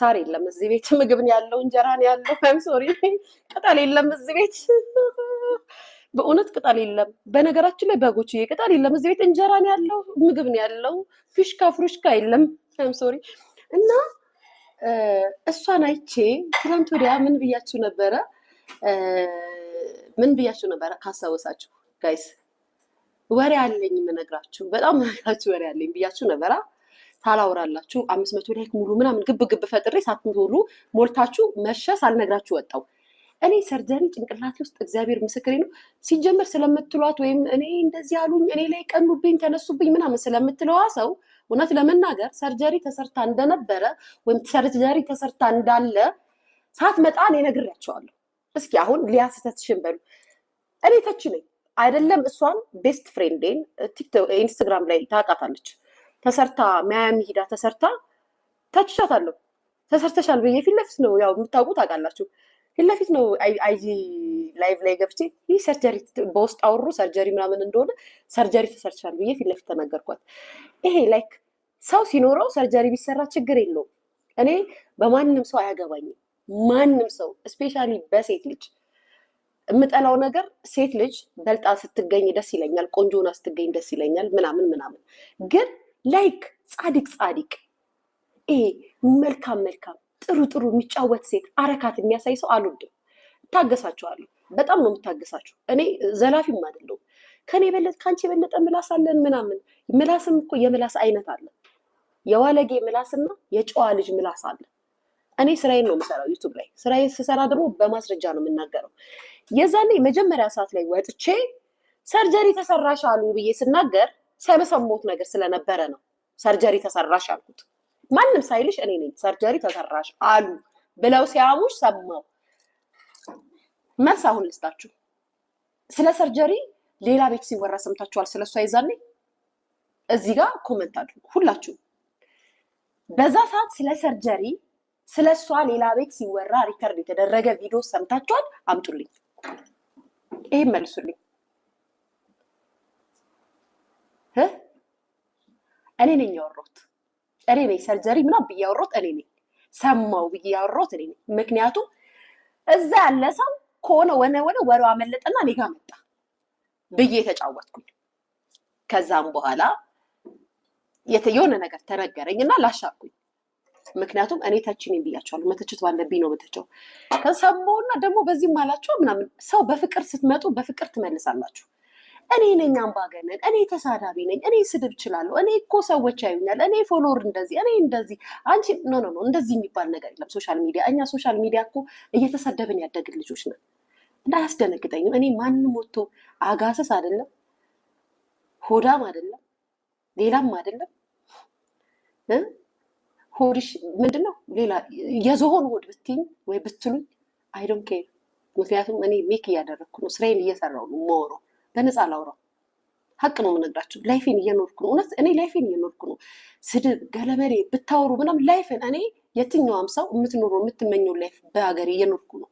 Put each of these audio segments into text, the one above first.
ሳር የለም እዚህ ቤት፣ ምግብን ያለው፣ እንጀራን ያለው። ም ሶሪ ቅጠል የለም እዚህ ቤት፣ በእውነት ቅጠል የለም። በነገራችን ላይ በጎች ቅጠል የለም እዚህ ቤት፣ እንጀራን ያለው፣ ምግብን ያለው። ፊሽካ ፍሩሽካ የለም። ም ሶሪ እና እሷን አይቼ ትላንት ወዲያ ምን ብያችሁ ነበረ? ምን ብያችሁ ነበረ ካስታወሳችሁ ጋይስ? ወሬ አለኝ የምነግራችሁ፣ በጣም ነግራችሁ ወሬ አለኝ ብያችሁ ነበራ ሳላወራላችሁ አምስት መቶ ላይክ ሙሉ ምናምን ግብ ግብ ፈጥሬ ሳትንቶሉ ሞልታችሁ መሸ ሳልነግራችሁ ወጣው። እኔ ሰርጀሪ ጭንቅላት ውስጥ እግዚአብሔር ምስክሬ ነው። ሲጀመር ስለምትሏት ወይም እኔ እንደዚህ ያሉኝ እኔ ላይ ቀኑብኝ ተነሱብኝ ምናምን ስለምትለዋ ሰው እውነት ለመናገር ሰርጀሪ ተሰርታ እንደነበረ ወይም ሰርጀሪ ተሰርታ እንዳለ ሳትመጣ እኔ ነግሬያቸዋለሁ። እስኪ አሁን ሊያስተትሽን በሉ። እኔ ተች ነኝ አይደለም እሷን ቤስት ፍሬንዴን ኢንስታግራም ላይ ታውቃታለች። ተሰርታ ማያሚ ሂዳ ተሰርታ ታችቻታለሁ። ተሰርተሻል ብዬ ፊት ለፊት ነው ያው የምታውቁ ታውቃላችሁ። ፊት ለፊት ነው አይጂ ላይቭ ላይ ገብቼ ይህ ሰርጀሪ በውስጥ አውሩ ሰርጀሪ ምናምን እንደሆነ ሰርጀሪ ተሰርቻል ብዬ ፊት ለፊት ተናገርኳት። ይሄ ላይክ ሰው ሲኖረው ሰርጀሪ ቢሰራ ችግር የለውም። እኔ በማንም ሰው አያገባኝም። ማንም ሰው እስፔሻሊ በሴት ልጅ የምጠላው ነገር ሴት ልጅ በልጣ ስትገኝ ደስ ይለኛል፣ ቆንጆና ስትገኝ ደስ ይለኛል ምናምን ምናምን። ግን ላይክ ጻድቅ ጻድቅ ይሄ መልካም መልካም ጥሩ ጥሩ የሚጫወት ሴት አረካት የሚያሳይ ሰው አልወድም። እታገሳችኋለሁ። በጣም ነው የምታገሳችሁ። እኔ ዘላፊም አይደለሁም። ከኔ የበለጠ ከአንቺ የበለጠ ምላስ አለን ምናምን። ምላስም እኮ የምላስ አይነት አለ። የዋለጌ ምላስና የጨዋ ልጅ ምላስ አለ። እኔ ስራዬን ነው የምሰራው ዩቱብ ላይ። ስራዬን ስሰራ ደግሞ በማስረጃ ነው የምናገረው። የዛኔ መጀመሪያ ሰዓት ላይ ወጥቼ ሰርጀሪ ተሰራሽ አሉ ብዬ ስናገር ሰበሰሞት ነገር ስለነበረ ነው ሰርጀሪ ተሰራሽ አልኩት። ማንም ሳይልሽ እኔ ነኝ ሰርጀሪ ተሰራሽ አሉ ብለው ሲያሙሽ ሰማው። መልስ አሁን ልስጣችሁ። ስለ ሰርጀሪ ሌላ ቤት ሲወራ ሰምታችኋል። ስለ እሷ ይዛኔ እዚህ ጋር ኮመንት አድርጉ ሁላችሁ። በዛ ሰዓት ስለ ሰርጀሪ ስለ እሷ ሌላ ቤት ሲወራ ሪከርድ የተደረገ ቪዲዮ ሰምታችኋል? አምጡልኝ፣ ይህም መልሱልኝ። እኔ ነኝ ያወራሁት። እኔ ነኝ ሰርጀሪ ምናምን ብዬ ያወራሁት እኔ ነኝ። ሰማው ብዬ ያወራሁት እኔ ነኝ። ምክንያቱም እዛ ያለ ሰው ከሆነ ወነ ወነ ወሮ አመለጠና እኔ ጋር መጣ ብዬ የተጫወትኩኝ። ከዛም በኋላ የሆነ ነገር ተነገረኝ እና ላሻኩኝ። ምክንያቱም እኔ ተች ነኝ ብያቸዋለሁ። መተቸት ባለብኝ ነው መተቸው ከሰማውና ደግሞ በዚህም አላቸው ምናምን። ሰው በፍቅር ስትመጡ በፍቅር ትመልሳላችሁ። እኔ ነኝ አምባገነን፣ እኔ ተሳዳቢ ነኝ፣ እኔ ስድብ እችላለሁ፣ እኔ እኮ ሰዎች ያዩኛል፣ እኔ ፎሎወር እንደዚህ፣ እኔ እንደዚህ። አንቺ ኖ ኖ ኖ፣ እንደዚህ የሚባል ነገር የለም። ሶሻል ሚዲያ እኛ ሶሻል ሚዲያ እኮ እየተሰደብን ያደግን ልጆች ነን። እና እኔ ማንም ወጥቶ አጋሰስ አይደለም፣ ሆዳም አይደለም፣ ሌላም አይደለም። ሆድሽ ምንድነው? ሌላ የዝሆን ሆድ ብትኝ ወይ ብትሉኝ አይዶን ኬር። ምክንያቱም እኔ ሜክ እያደረግኩ ነው፣ ስራዬን እየሰራው ነው፣ መሆነው በነፃ ላውራው። ሀቅ ነው የምነግራችሁ። ላይፌን እየኖርኩ ነው። እውነት እኔ ላይፌን እየኖርኩ ነው። ስድብ፣ ገለመሬ ብታወሩ ምናምን ላይፌን እኔ የትኛውም ሰው የምትኖረው የምትመኘው ላይፍ በሀገሬ እየኖርኩ ነው።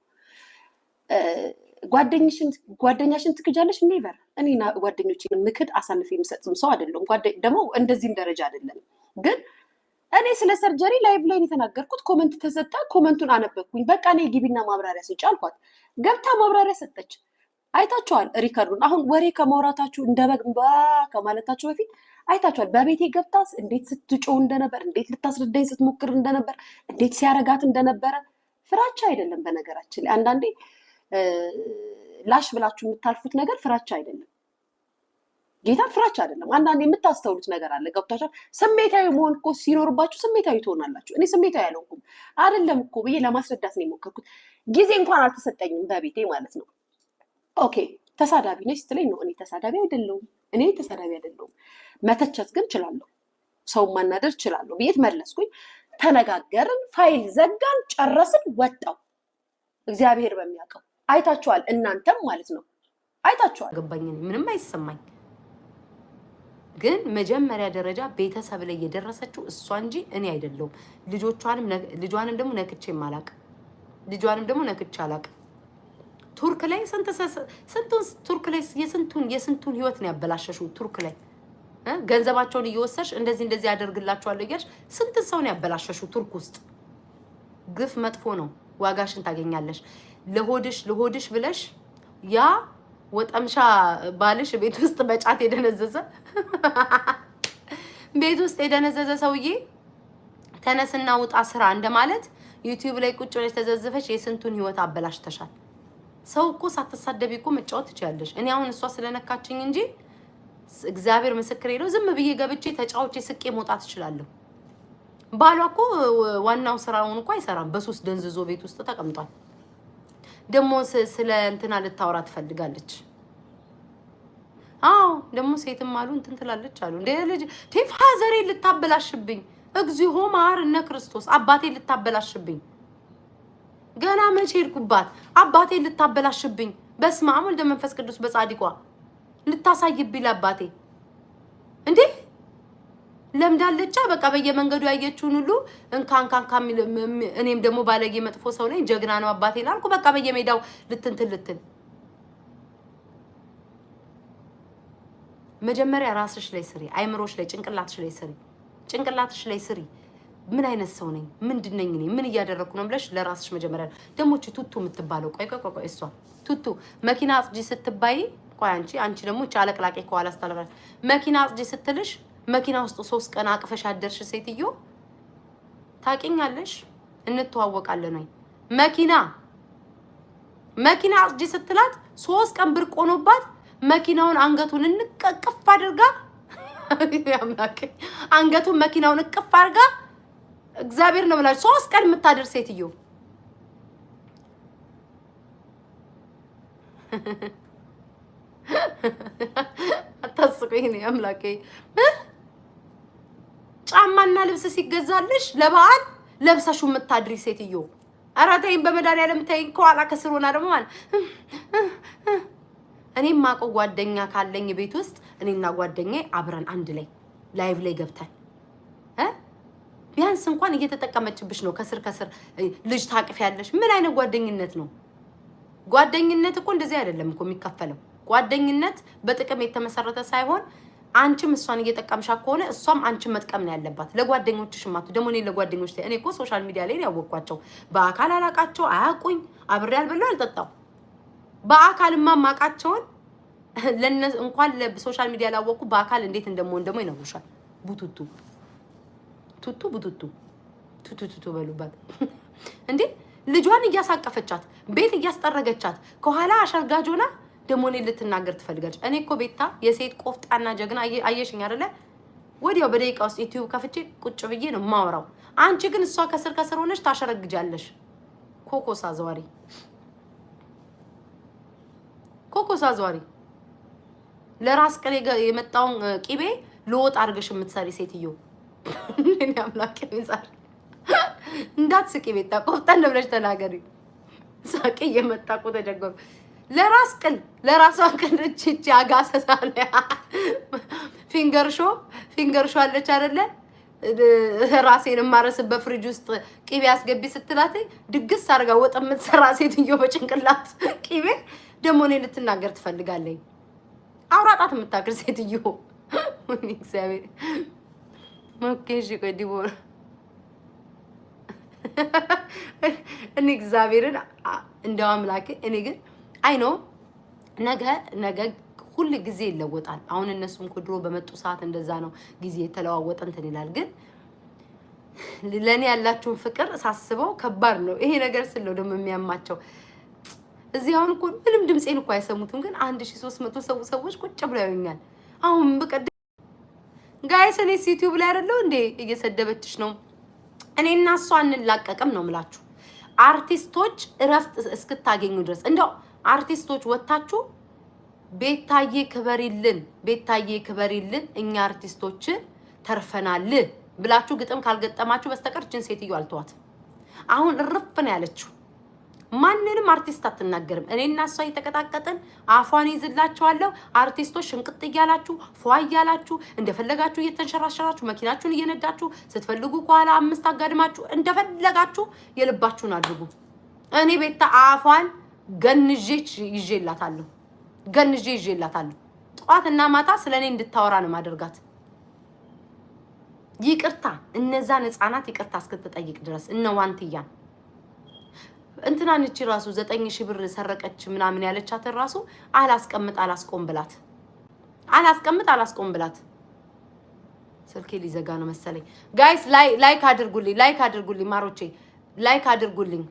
ጓደኛሽን ትክጃለሽ? ኔቨር። እኔ ጓደኞችን ምክድ አሳልፍ የሚሰጥም ሰው አይደለም። ደግሞ እንደዚህም ደረጃ አይደለም። ግን እኔ ስለ ሰርጀሪ ላይቭ ላይን የተናገርኩት ኮመንት ተሰጣ። ኮመንቱን አነበብኩኝ። በቃ እኔ ግቢና ማብራሪያ ስጪ አልኳት። ገብታ ማብራሪያ ሰጠች። አይታችኋል ሪከርዱን። አሁን ወሬ ከማውራታችሁ እንደ በግ ከማለታችሁ በፊት አይታችኋል። በቤቴ ገብታስ እንዴት ስትጮው እንደነበር፣ እንዴት ልታስረዳኝ ስትሞክር እንደነበር፣ እንዴት ሲያረጋት እንደነበረ ፍራቻ አይደለም። በነገራችን ላይ አንዳንዴ ላሽ ብላችሁ የምታልፉት ነገር ፍራቻ አይደለም። ጌታን ፍራቻ አይደለም። አንዳንዴ የምታስተውሉት ነገር አለ። ገብታችኋል። ስሜታዊ መሆን እኮ ሲኖርባችሁ ስሜታዊ ትሆናላችሁ። እኔ ስሜታዊ አልሆንኩም አይደለም እኮ ብዬ ለማስረዳት ነው የሞከርኩት። ጊዜ እንኳን አልተሰጠኝም በቤቴ ማለት ነው። ኦኬ ተሳዳቢ ነች ስትለኝ ነው እኔ ተሳዳቢ አይደለሁም፣ እኔ ተሳዳቢ አይደለሁም። መተቸት ግን እችላለሁ፣ ሰው ማናደር እችላለሁ ብዬ መለስኩኝ። ተነጋገርን፣ ፋይል ዘጋን፣ ጨረስን፣ ወጣው። እግዚአብሔር በሚያውቀው አይታችኋል፣ እናንተም ማለት ነው አይታችኋል። ገባኝ፣ ምንም አይሰማኝ። ግን መጀመሪያ ደረጃ ቤተሰብ ላይ የደረሰችው እሷ እንጂ እኔ አይደለሁም። ልጆቿንም ልጇንም ደግሞ ነክቼ አላቅም። ልጇንም ደግሞ ነክቼ አላቅም። ቱርክ ላይ ስንቱን ቱርክ ላይ የስንቱን የስንቱን ህይወት ነው ያበላሸሹ። ቱርክ ላይ ገንዘባቸውን እየወሰድሽ እንደዚህ እንደዚህ ያደርግላቸዋለሁ እያልሽ ስንት ሰው ነው ያበላሸሹ። ቱርክ ውስጥ ግፍ መጥፎ ነው። ዋጋሽን ታገኛለሽ። ለሆድሽ ለሆድሽ ብለሽ ያ ወጠምሻ ባልሽ ቤት ውስጥ በጫት የደነዘዘ ቤት ውስጥ የደነዘዘ ሰውዬ ተነስና ውጣ ስራ እንደማለት ዩቲዩብ ላይ ቁጭ ብለሽ ተዘዝፈሽ የስንቱን ህይወት አበላሽተሻል። ሰው እኮ ሳትሳደቢ እኮ መጫወት ትችላለች። እኔ አሁን እሷ ስለነካችኝ እንጂ እግዚአብሔር ምስክር ሄደው ዝም ብዬ ገብቼ ተጫውቼ ስቄ መውጣት እችላለሁ። ባሏ እኮ ዋናው ስራውን እኮ አይሰራም። በሶስት ደንዝዞ ቤት ውስጥ ተቀምጧል። ደግሞ ስለ እንትና ልታወራ ትፈልጋለች። አዎ ደግሞ ሴትም አሉ እንትን ትላለች አሉ እንደ ልጅ ዘሬ ልታበላሽብኝ፣ እግዚኦ እነ ክርስቶስ አባቴ ልታበላሽብኝ። ገና መቼ ሄድኩባት አባቴ ልታበላሽብኝ፣ በስመ አብ ወልደ መንፈስ ቅዱስ በጻድቋ ልታሳይብኝ ለአባቴ እንዴ ለምዳለቻ በቃ በየመንገዱ ያየችውን ሁሉ እንካንካንካ እኔም ደግሞ ባለጌ መጥፎ ሰው ነኝ ጀግና ነው አባቴ ላልኩ በቃ በየሜዳው ልትንትን ልትን። መጀመሪያ ራስሽ ላይ ስሪ፣ አይምሮሽ ላይ ጭንቅላትሽ ላይ ስሪ፣ ጭንቅላትሽ ላይ ስሪ። ምን አይነት ሰው ነኝ? ምንድን ነኝ? እኔ ምን እያደረግኩ ነው ብለሽ ለራስሽ መጀመሪያ ደግሞ እቺ ቱቱ የምትባለው ቆይ ቆይ ቆይ፣ እሷ ቱቱ መኪና አጽጂ ስትባይ ቆይ፣ አንቺ አንቺ ደግሞ እቺ አለቅላቄ ከኋላ ስታለቅላ መኪና አጽጂ ስትልሽ መኪና ውስጥ ሶስት ቀን አቅፈሽ አደርሽ ሴትዮ። ታውቂኛለሽ፣ እንተዋወቃለን ወይ መኪና መኪና አጽጂ ስትላት ሶስት ቀን ብርቅ ሆኖባት መኪናውን አንገቱን እንቀቅፍ አድርጋ አንገቱን መኪናውን እቅፍ አድርጋ እግዚአብሔር ነው ብላችሁ ሶስት ቀን የምታድር ሴትዮ አታስቁኝ። እኔ አምላኬ ጫማና ልብስ ሲገዛልሽ ለበዓል ለብሰሹ የምታድሪ ሴትዮ ኧረ ተይኝ፣ በመድኃኒዓለም ተይኝ። ከኋላ ከስር ሆና ደግሞ ማለት እኔም አውቀው ጓደኛ ካለኝ ቤት ውስጥ እኔና ጓደኛ አብረን አንድ ላይ ላይቭ ላይ ገብተን ቢያንስ እንኳን እየተጠቀመችብሽ ነው። ከስር ከስር ልጅ ታቅፍ ያለሽ ምን አይነት ጓደኝነት ነው? ጓደኝነት እኮ እንደዚህ አይደለም እኮ የሚከፈለው። ጓደኝነት በጥቅም የተመሰረተ ሳይሆን አንቺም እሷን እየጠቀምሻ ከሆነ እሷም አንቺን መጥቀም ነው ያለባት። ለጓደኞችሽ ማቱ ደግሞ እኔ ለጓደኞች እኔ እኮ ሶሻል ሚዲያ ላይ ያወቅኳቸው በአካል አላቃቸው አያውቁኝ፣ አብሬ አልበላው አልጠጣው። በአካልማ ማቃቸውን እንኳን ሶሻል ሚዲያ ላወቅኩ በአካል እንዴት እንደምሆን ደግሞ ይነግሩሻል ቡቱቱ ቱቱ ቡቱቱ ቱቱቱቱ በሉባት እንዴ! ልጇን እያሳቀፈቻት ቤት እያስጠረገቻት ከኋላ አሸርጋጅ ሆና ደግሞ እኔ ልትናገር ትፈልጋለች። እኔ እኮ ቤታ የሴት ቆፍጣና ጀግና አየሽኝ አይደለ? ወዲያው በደቂቃ ውስጥ ዩቲዩብ ከፍቼ ቁጭ ብዬ ነው ማወራው። አንቺ ግን እሷ ከስር ከስር ሆነች ታሸረግጃለሽ። ኮኮስ አዘዋሪ ኮኮስ አዘዋሪ ለራስ ቅል የመጣውን ቂቤ ለወጥ አድርገሽ የምትሰሪ ሴትዮ እኔ አምላክ ይዛል። እንዳትስቂ ቤታ፣ ቆፍጠን ብለሽ ተናገሪ። ሳቂ እየመጣቁ ተጀገሩ። ለራስ ቅል ለራሷ ቅል እቺ አጋሰሳ ፊንገር ሾ ፊንገር ሾ አለች አይደለ? ራሴን የማረስበት ፍሪጅ ውስጥ ቂቤ አስገቢ ስትላት ድግስ አድርጋ ወጥ የምትሰራ ሴትዮ በጭንቅላት ቂቤ ደግሞ እኔ ልትናገር ትፈልጋለኝ። አውራጣት የምታክል ሴትዮ እግዚአብሔር ኦኬ እሺ፣ ቆይ ዲቦራ እኔ እግዚአብሔርን እንደው አምላክ እኔ ግን አይ ነው ነገ ነገ ሁል ጊዜ ይለወጣል። አሁን እነሱም ድሮ በመጡ ሰዓት እንደዛ ነው ጊዜ የተለዋወጠ እንትን ይላል። ግን ለእኔ ያላችሁን ፍቅር ሳስበው ከባድ ነው ይሄ ነገር ስለው ደግሞ የሚያማቸው እዚህ አሁን እኮ ምንም ድምፄን እኮ አይሰሙትም። ግን አንድ ሺህ ሦስት መቶ ሰው ሰዎች ቁጭ ብለው ያዩኛል አሁን በቀደም ጋይስ እኔስ ዩቲዩብ ላይ አይደለሁ እንዴ? እየሰደበችሽ ነው። እኔ እሷ እንላቀቅም ነው ምላችሁ። አርቲስቶች እረፍት እስክታገኙ ድረስ እንደው አርቲስቶች ወጥታችሁ ቤታዬ ክበሪልን፣ ቤታዬ ክበሪልን፣ እኛ አርቲስቶች ተርፈናል ብላችሁ ግጥም ካልገጠማችሁ በስተቀር ችን ሴትዮ አልተዋት አሁን እርፍ ነው ያለችው። ማንንም አርቲስት አትናገርም። እኔ እና እሷ እየተቀጣቀጥን አፏን ይዝላቸዋለሁ። አርቲስቶች ሽንቅጥ እያላችሁ ፏ እያላችሁ እንደፈለጋችሁ እየተንሸራሸራችሁ መኪናችሁን እየነዳችሁ ስትፈልጉ ከኋላ አምስት አጋድማችሁ እንደፈለጋችሁ የልባችሁን አድርጉ። እኔ ቤታ አፏን ገንዤ ይዤላታለሁ፣ ገንዤ ይዤላታለሁ። ጠዋት ማታ ስለ እኔ እንድታወራ ነው ማደርጋት። ይቅርታ እነዛን ህፃናት ይቅርታ እስክትጠይቅ ድረስ እነ ዋንትያን እንትና ንቺ ራሱ ዘጠኝ ሺህ ብር ሰረቀች ምናምን ያለቻትን ራሱ አላስቀምጥ አላስቆም ብላት አላስቀምጥ አላስቆም ብላት። ስልኬ ሊዘጋ ነው መሰለኝ። ጋይስ ላይክ አድርጉልኝ፣ ላይክ አድርጉልኝ፣ ማሮቼ ላይክ አድርጉልኝ።